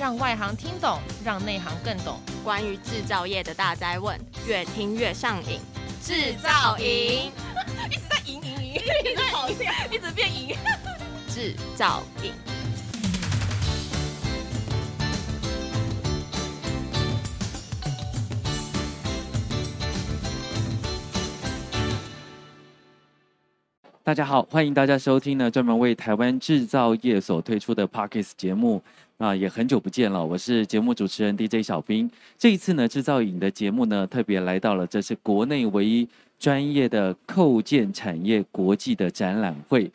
讓外行聽懂，讓內行更懂。關於制造業的大哉問，越聽越上癮。制造營一直在贏贏贏，一直在贏一贏 一直跑一點， 一直變贏。制 造營。大家好，歡迎大家收聽呢，專門為台灣制造業所推出的 Podcast 節目。啊，也很久不見了。我是節目主持人 DJ 小兵。這一次呢，製造影的節目呢，特別來到了這是國內唯一專業的扣件產業國際的展覽會，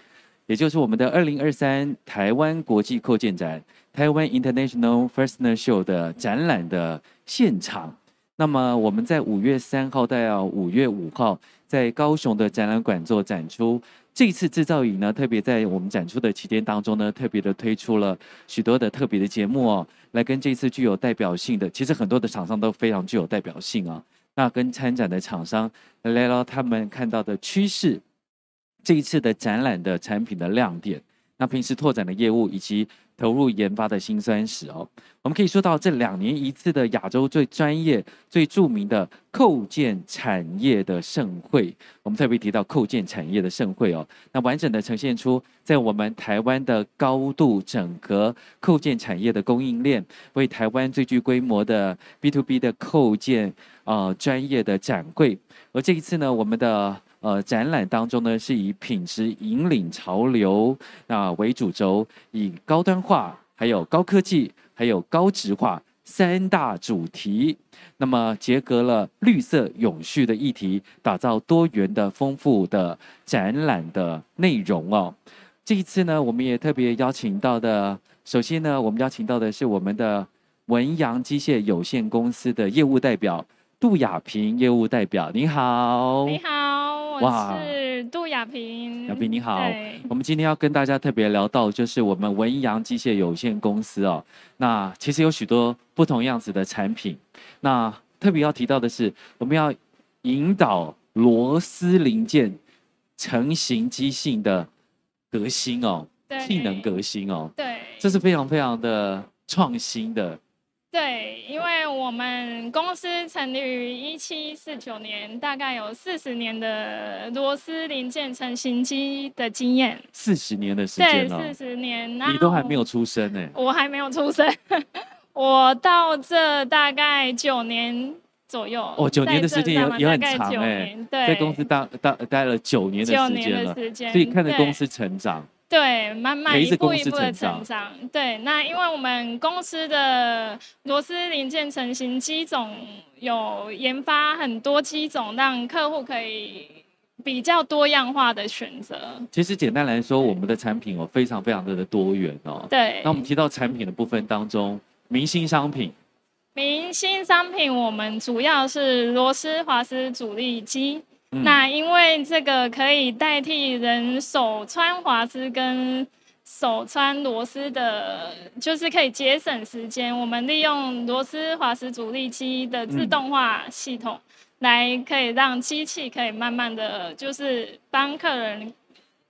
也就是我們的二零二三台灣國際扣件展（台灣 International Fastener Show） 的展覽的現場。那麼我們在五月三號到五月五號在高雄的展覽館做展出。這一次製造影呢，特別在我們展出的期間當中呢，特別的推出了許多的特別的節目哦，來跟這一次具有代表性的，其實很多的廠商都非常具有代表性啊。那跟參展的廠商來聊聊他們看到的趨勢，這一次的展覽的產品的亮點，那平時拓展的業務以及。投入研發的辛酸史哦，我們可以說到這兩年一次的亞洲最專業、最著名的扣件產業的盛會。我們特別提到扣件產業的盛會哦，那完整的呈現出在我們台灣的高度整合扣件產業的供應鏈，為台灣最具規模的 B to B 的扣件啊專業的展櫃。而這一次呢，我們的。呃，展覽當中呢，是以品質引領潮流啊為主軸，以高端化、還有高科技、還有高質化三大主題，那麼結合了綠色永續的議題，打造多元的豐富的展覽的內容哦。這一次呢，我們也特別邀請到的，首先呢，我們邀請到的是我們的玟暘機械有限公司的業務代表杜雅萍業務代表，你好，你好。哇，是杜雅萍。雅萍你好。我們今天要跟大家特別聊到，就是我們玟暘機械有限公司哦。那其實有許多不同樣子的產品。那特別要提到的是，我們要引導螺絲零件成形機性的革新哦，性能革新哦。對，這是非常非常的創新的。嗯對，因為我們公司成立於一七四九年，大概有四十年的螺絲零件成型機的經驗。四十年的時間了。對，四十年。你都還沒有出生呢，我還沒有出生， 我到這大概九年左右。哦，九年的時間也也很長哎。對，在公司待，待了九年的時間了時間，所以看着公司成長。對，慢慢一步一步的成長。對，那因為我們公司的螺絲零件成型機種有研發很多機種，讓客戶可以比較多樣化的選擇。其實簡單來說，我們的產品哦，非常非常的多元哦。對，那我們提到產品的部分當中，明星商品。明星商品，我們主要是螺絲、華司主力機。嗯、那因為這個可以代替人手穿華司跟手穿螺絲的，就是可以節省時間。我們利用螺絲、華司、組立機的自動化系統，來可以讓機器可以慢慢的就是幫客人，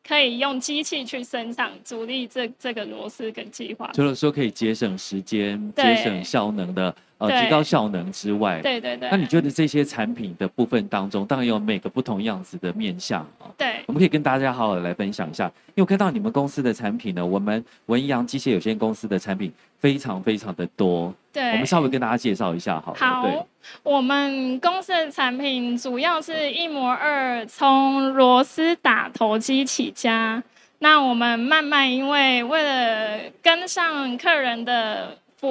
可以用機器去生產組立這這個螺絲跟計劃。除了說可以節省時間、節省效能的。呃，提高效能之外對，對對對，那你覺得這些產品的部分當中，當然有每個不同樣子的面向啊、哦。對，我們可以跟大家好好來分享一下。因為我看到你們公司的產品呢，嗯、我們玟暘機械有限公司的產品非常非常的多。對，我們稍微跟大家介紹一下好了。好對，我們公司的產品主要是一模二，從螺絲打頭機起家。那我們慢慢因為為了跟上客人的。服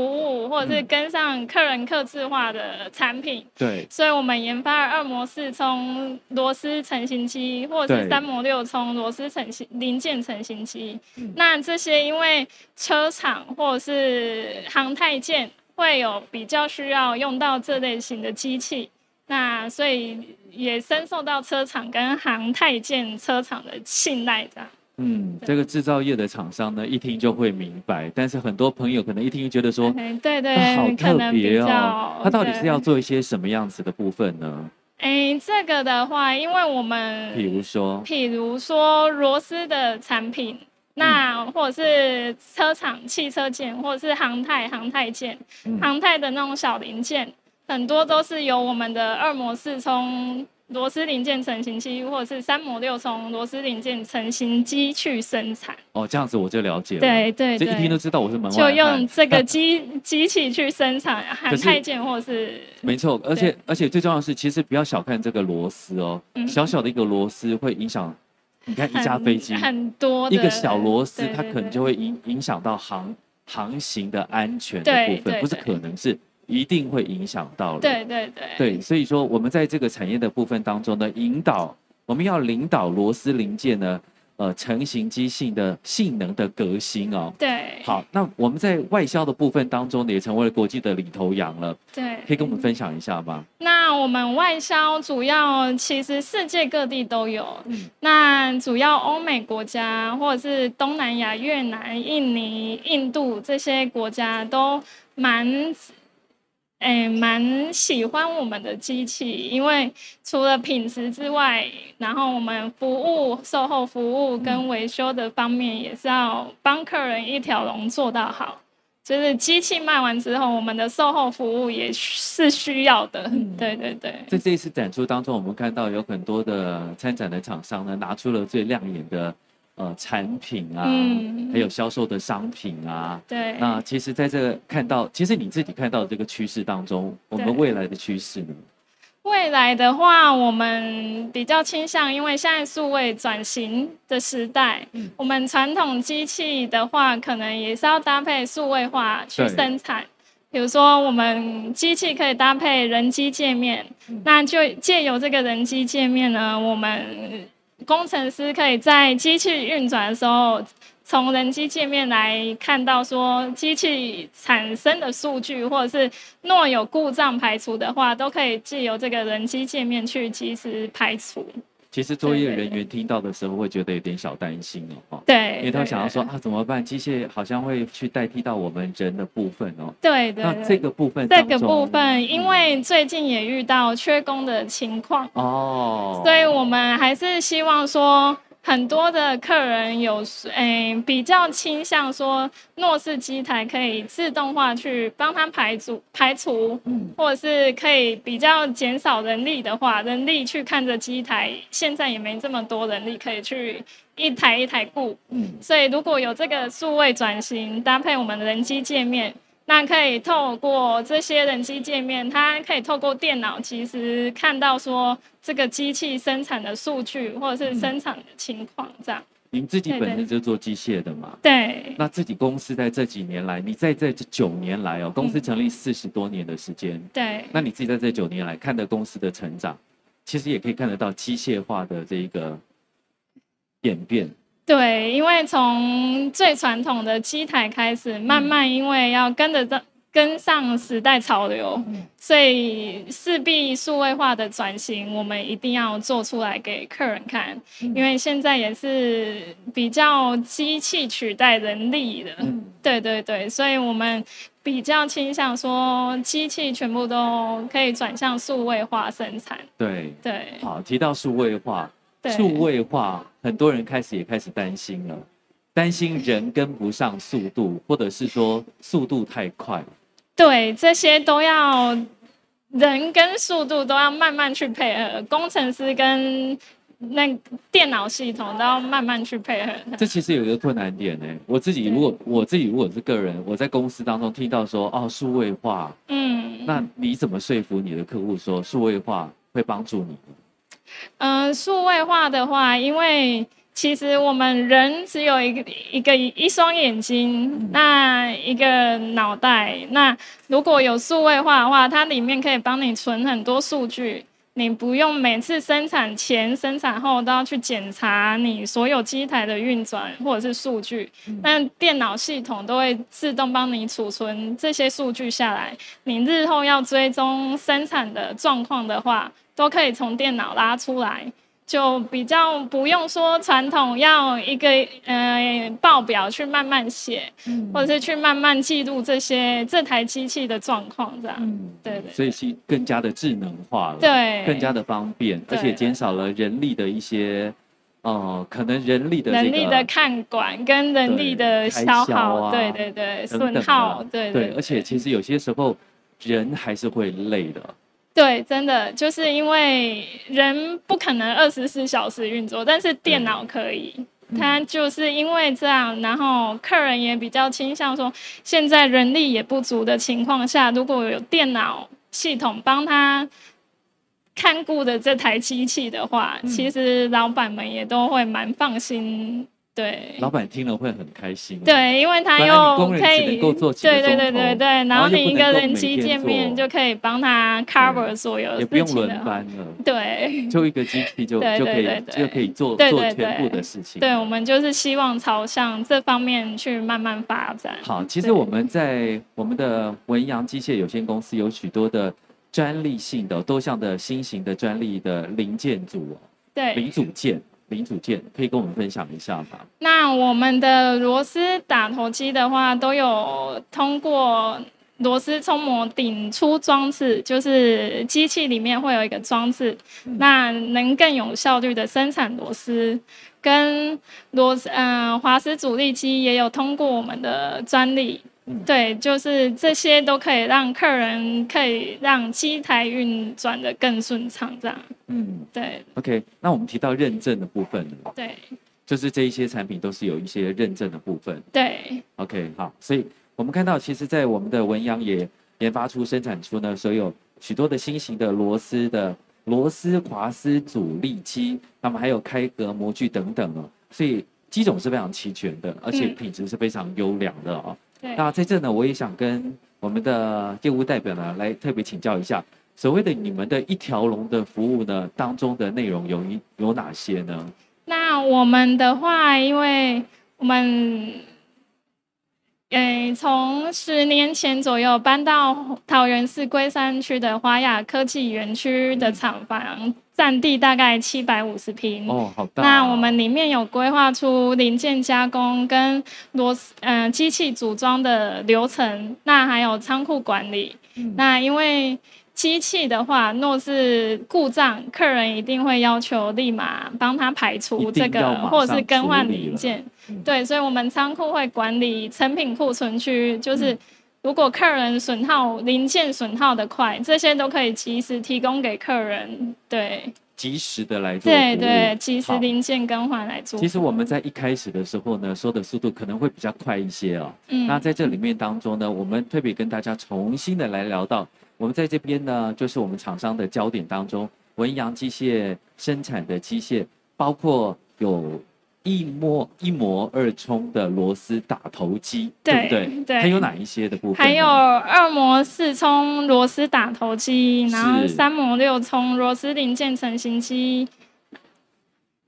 務或者是跟上客人客制化的產品，嗯，對，所以我們研發了二模四衝螺絲成型機，或者是三模六衝螺絲成型零件成型機。那這些因為車廠或者是航太件會有比較需要用到這類型的機器，那所以也深受到車廠跟航太件車廠的信賴這樣。嗯，這個製造業的廠商呢，一聽就會明白。但是很多朋友可能一聽就覺得說，對對，對、啊，好特別哦。他到底是要做一些什麼樣子的部分呢？哎、欸，這個的話，因為我們比如說，比如說螺絲的產品，那、嗯、或者是車廠汽車件，或者是航太航太件、嗯，航太的那種小零件，很多都是由我們的二模四衝螺絲零件成形機，或者是三模六沖螺絲零件成形機去生產。哦，這樣子我就了解了。對對，這一聽都知道我是門外漢，就用這個機機器去生產是航太件，或是。沒錯，而且而且最重要的是，其實不要小看這個螺絲哦、喔嗯，小小的一個螺絲會影響。你看一架飛機，很多的。一個小螺絲，它可能就會影響到航航行，行的安全的部分，對對對，不是可能是。一定會影響到了，對對對，對，所以說我們在這個產業的部分當中呢，引導我們要領導螺絲零件呢，呃，成型機性的性能的革新哦，對，好，那我們在外銷的部分當中呢，也成為了國際的領頭羊了，對，可以跟我們分享一下嗎？那我們外銷主要其實世界各地都有，嗯，那主要歐美國家或者是東南亞、越南、印尼、印度這些國家都蠻。哎、欸，蠻喜歡我們的機器，因為除了品質之外，然後我們服務、售後服務跟維修的方面也是要幫客人一條龍做到好。就是機器賣完之後，我們的售後服務也是需要的。對對對，在、嗯、這、這一次展出當中，我們看到有很多的參展的廠商呢，拿出了最亮眼的。呃，產品啊，嗯、還有銷售的商品啊，嗯、對。那其實，在這個看到，其實你自己看到的這個趨勢當中，我們未來的趨勢呢？未來的話，我們比較傾向，因為現在數位轉型的時代，嗯、我們傳統機器的話，可能也是要搭配數位化去生產。比如說，我們機器可以搭配人機界面、嗯，那就借由這個人機界面呢，我們。工程師可以在機器運轉的時候，從人機界面來看到說機器產生的數據，或者是若有故障排除的話，都可以借由這個人機界面去即時排除。其實作業人員聽到的時候會覺得有點小擔心哦，對，對對對對，因為他想要說啊，怎麼辦？機械好像會去代替到我們人的部分哦，對對，對，那這個部分，這個部分，因為最近也遇到缺工的情況，嗯，哦，所以我們還是希望說。很多的客人有誒、欸、比較傾向說，諾士機台可以自動化去幫他排除排除、嗯，或者是可以比較減少人力的話，人力去看着機台，現在也沒這麼多人力可以去一台一台顧、嗯，所以如果有這個數位轉型搭配我們人機界面。那可以透過這些人機界面，它可以透過電腦，其實看到說這個機器生產的數據或者是生產的情況，這樣。嗯，您自己本身就做機械的嘛。對、對、對。那自己公司在這幾年來，你在在這九年來哦，公司成立四十多年的時間，嗯，對。那你自己在這九年來看的公司的成長，其實也可以看得到機械化的這一個演變。對，因為從最傳統的機台開始、嗯，慢慢因為要跟得上跟上時代潮流，嗯、所以勢必數位化的轉型，我們一定要做出來給客人看。嗯、因為現在也是比較機器取代人力的、嗯，對對對，所以我們比較傾向說機器全部都可以轉向數位化生產。對對，好，提到數位化。數位化，很多人開始也開始擔心了，擔心人跟不上速度，或者是說速度太快。對，這些都要人跟速度都要慢慢去配合，工程師跟那電腦系統都要慢慢去配合。這其實有一個困難點呢、欸。我自己如果我自己如果是個人，我在公司當中聽到說哦數位化，嗯，那你怎麼說服你的客戶說數位化會幫助你？嗯、呃，數位化的話，因為其實我們人只有一個一個一雙眼睛，那一個腦袋，那如果有數位化的話，它裡面可以幫你存很多數據，你不用每次生產前、生產後都要去檢查你所有機台的運轉或者是數據，那電腦系統都會自動幫你儲存這些數據下來，你日後要追蹤生產的狀況的話，都可以從電腦拉出來，就比較不用說傳統要一個嗯、呃、報表去慢慢寫、嗯，或者是去慢慢記錄這些這台機器的狀況這樣。嗯、對,對,對，所以是更加的智能化了，對，更加的方便，而且減少了人力的一些哦、呃，可能人力的能、這個、力的看管跟人力的消耗，對、啊、對,對對，損耗等等、啊、對對,對,對。而且其實有些時候人還是會累的。對，真的就是因為人不可能二十四小時運作，但是電腦可以。他、嗯、就是因為這樣，然後客人也比較傾向說，現在人力也不足的情況下，如果有電腦系統幫他看顧的這台機器的話、嗯，其實老闆們也都會蠻放心。對，老闆聽了會很開心、啊。對，因為他用可以工人能夠做對，對對對對對，然後你一個人機見面就可以幫他 cover 所有，也不用輪班了。對，就一個機器就對對對對對對就可以就可以做對對對對做全部的事情。對，我們就是希望朝向這方面去慢慢發展。好，其實我們在我們的玟暘機械有限公司有許多的專利性的多項的新型的專利的零件組，對，零組件。零組件可以跟我們分享一下嗎？那我們的螺絲打頭機的話，都有通過螺絲衝模頂出裝置，就是機器裡面會有一個裝置，那能更有效率的生產螺絲。跟螺絲嗯滑絲主力機也有通過我們的專利。嗯、對，就是這些都可以讓客人可以讓機台運轉得更順暢，這樣嗯。嗯，對。OK，那我們提到認證的部分了，對，就是這一些產品都是有一些認證的部分。對。OK，好，所以我們看到，其實在我們的玟暘也研發出、生產出呢，所有許多的新型的螺絲的螺絲滑絲主力機，那麼還有開格模具等等哦，所以機種是非常齊全的，而且品質是非常優良的哦。嗯對，那在這呢，我也想跟我們的業務代表呢、嗯、來特別請教一下，所謂的你們的一條龍的服務呢，當中的內容有一有哪些呢？那我們的話，因為我們，誒，從十年前左右搬到桃園市龜山區的華亞科技園區的廠房。嗯占地大概七百五十平。哦，好的、啊。那我們裡面有規劃出零件加工跟螺絲，嗯、呃，機器組裝的流程。那還有倉庫管理、嗯。那因為機器的話，若是故障，客人一定會要求立馬幫他排除這個，或者是更換零件、嗯。對，所以我們倉庫會管理成品庫存區，就是。如果客人損耗零件損耗的快，這些都可以及時提供給客人，對，及時的來做，對對，及時零件更換來做。其實我們在一開始的時候呢，說的速度可能會比較快一些啊、喔嗯。那在這裡面當中呢，我們特別跟大家重新的來聊到，我們在這邊呢，就是我們廠商的焦點當中，玟暘機械生產的機械，包括有。一模一模二衝的螺絲打頭機，對不對？對。它有哪一些的部分？還有二模四衝螺絲打頭機，然後三模六衝螺絲零件成型機，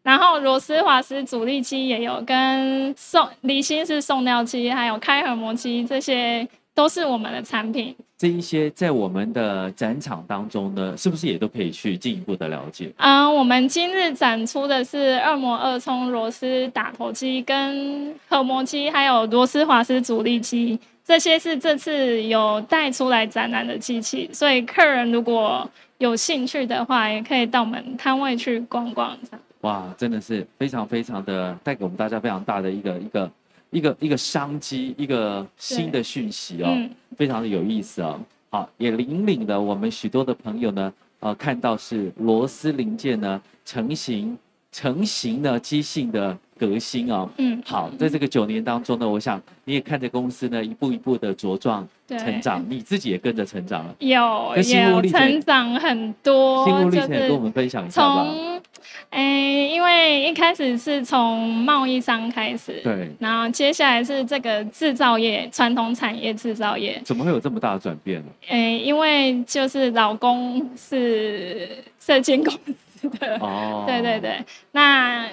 然後螺絲滑絲阻力機也有跟送離心式送料機，還有開合模機這些。都是我們的產品。這一些在我們的展場當中呢，是不是也都可以去進一步的了解？嗯、呃，我們今日展出的是二模二沖螺絲打頭機跟合模機，還有螺絲滑絲阻力機，這些是這次有帶出來展覽的機器。所以客人如果有興趣的話，也可以到我們攤位去逛逛。哇，真的是非常非常的帶給我們大家非常大的一個一個。一個一個商機，一個新的訊息哦，嗯、非常的有意思哦，好，也引領了我們許多的朋友呢，呃，看到是螺絲零件呢，成型、嗯、成型的機性的革新啊、哦！嗯，好，在這個九年當中呢，我想你也看着公司呢一步一步的茁壯成長，你自己也跟着成長了，有也有成長很多，心路歷程跟我們分享一下吧。從，哎、欸，因為一開始是從貿易商開始，對，然後接下來是這個制造業，傳統產業製造業。怎麼會有這麼大的轉變呢？哎、欸，因為就是老公是設計公司的，哦，對對對，那。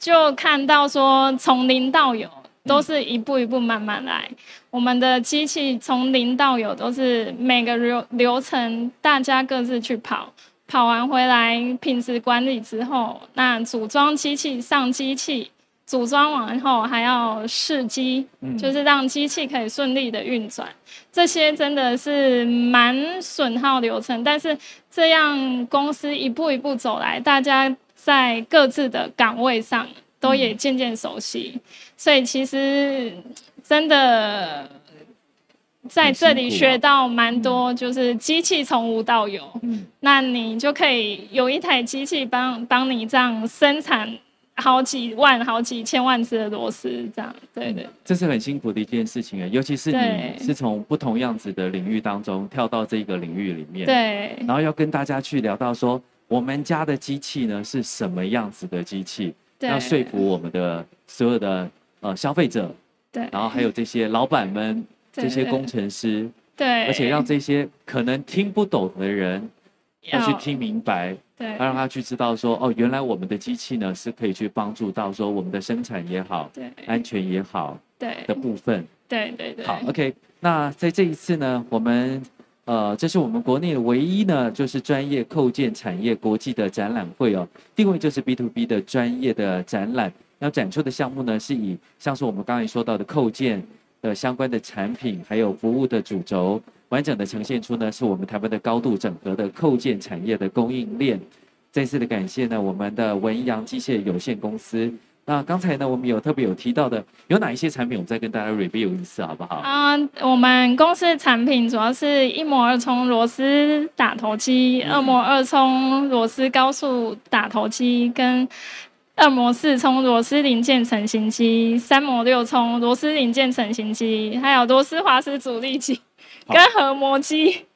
就看到說，從零到有，都是一步一步慢慢來。我們的機器從零到有，都是每個流流程，大家各自去跑，跑完回來品質管理之後，那組裝機器、上機器、組裝完後還要試機，就是讓機器可以順利的運轉。這些真的是蠻損耗流程，但是這樣公司一步一步走來，大家，在各自的崗位上都也漸漸熟悉、嗯，所以其實真的在、啊、這裡學到蠻多、嗯，就是機器從無到有、嗯，那你就可以有一台機器幫幫你這樣生產好幾萬、好幾千萬隻的螺絲，這樣對，對對，這是很辛苦的一件事情誒，尤其是你是從不同樣子的領域當中跳到這個領域裡面，對，然後要跟大家去聊到說。我們家的機器呢是什麼樣子的機器？對，要說服我們的所有的、呃、消費者，對，然後還有這些老板們、這些工程師，對，而且讓這些可能聽不懂的人要，要去聽明白，對，要讓他去知道說哦，原來我們的機器呢是可以去幫助到說我們的生產也好，對，安全也好，對的部分，對對對，對。好，OK，那在這一次呢，我們。呃，這是我們國內唯一呢，就是專業扣件產業國際的展覽會哦，定位就是 B to B 的專業的展覽，要展出的項目呢是以像是我們剛才說到的扣件的相關的產品，還有服務的主軸，完整的呈現出呢是我們台灣的高度整合的扣件產業的供應鏈。再次的感謝呢，我們的玟暘機械有限公司。那、啊、剛才呢，我們有特別有提到的，有哪一些產品，我們再跟大家 review 一次，好不好、呃？我們公司的產品主要是一模二沖螺絲打頭機、嗯、二模二沖螺絲高速打頭機、跟二模四沖螺絲零件成型機、三模六沖螺絲零件成型機，還有螺絲滑絲阻力機跟合模機。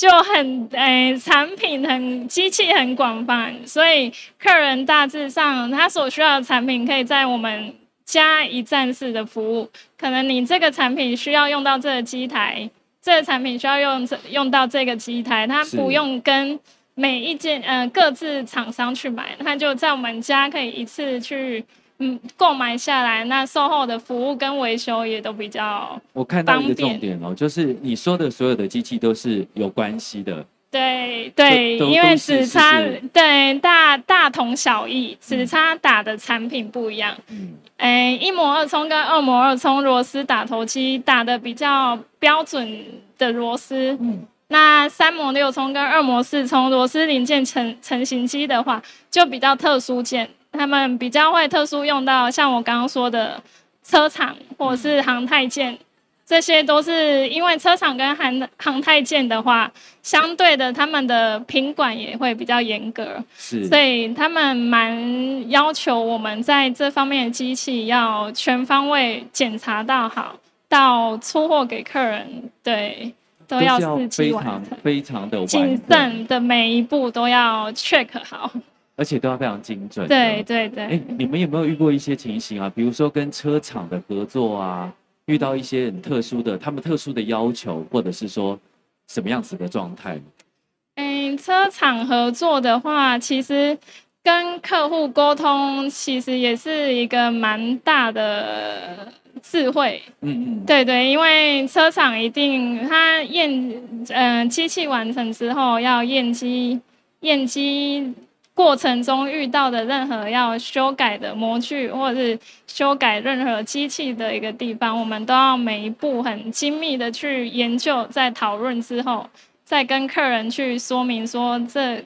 就很誒、欸，產品很機器很廣泛，所以客人大致上他所需要的產品可以在我們家一站式的服務。可能你這個產品需要用到這個機台，這個產品需要用用到這個機台，他不用跟每一間嗯、呃、各自廠商去買，他就在我們家可以一次去，嗯，購買下來，那售後的服務跟維修也都比較方便。我看到一個重點哦，就是你說的所有的機器都是有關係的。對對，因為只差對大大同小異，只差打的產品不一樣。嗯，誒，一模二衝跟二模二衝螺絲打頭機打的比較標準的螺絲。嗯，那三模六衝跟二模四衝螺絲零件成成型機的話，就比較特殊件。他們比較會特殊用到，像我剛剛說的車廠或者是航太件，嗯，這些都是因為車廠跟航航太件的話，相對的他們的品管也會比較嚴格，是，所以他們蠻要求我們在這方面的機器要全方位檢查到好，到出貨給客人，對，都要都是，非常非常的謹慎的，每一步都要 check 好。而且都要非常精準。對對對、欸。哎，你們有沒有遇過一些情形啊？比如說跟車廠的合作啊，遇到一些很特殊的，他們特殊的要求，或者是說什麼樣子的狀態？嗯、欸，車廠合作的話，其實跟客戶溝通其實也是一個蠻大的智慧。嗯嗯。對對，因為車廠一定他驗，嗯，呃、機器完成之後要驗機，驗機。過程中遇到的任何要修改的模具，或者是修改任何機器的一個地方，我們都要每一步很精密的去研究，在討論之後，再跟客人去說明說這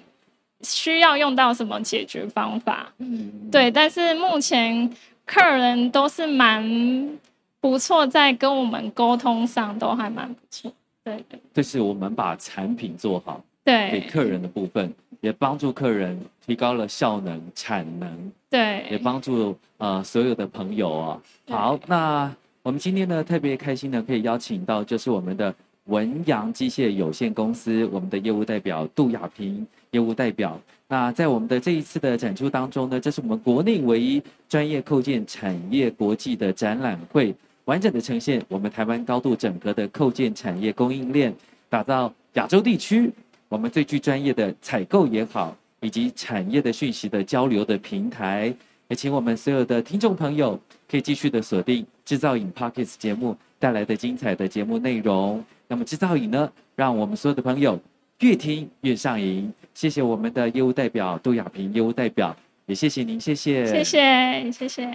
需要用到什麼解決方法。嗯，對。但是目前客人都是蠻不錯，在跟我們溝通上都還蠻不錯。對，對，對。這是我們把產品做好，對，給客人的部分。也幫助客人提高了效能、產能，對，也幫助呃所有的朋友啊。好，那我們今天呢特別開心的可以邀請到就是我們的玟暘機械有限公司，嗯、我們的業務代表杜雅萍業務代表。那在我們的這一次的展出當中呢，這是我們國內唯一專業扣件產業國際的展覽會，完整的呈現我們台灣高度整合的扣件產業供應鏈，打造亞洲地區，我們最具專業的採購也好，以及產業的訊息的交流的平台，也請我們所有的聽眾朋友可以繼續的鎖定《製造癮 Podcast》節目帶來的精彩的節目內容。嗯。那麼，《製造癮》呢，讓我們所有的朋友越聽越上癮。謝謝我們的業務代表杜雅萍，業務代表也謝謝您，謝謝，謝謝，謝謝。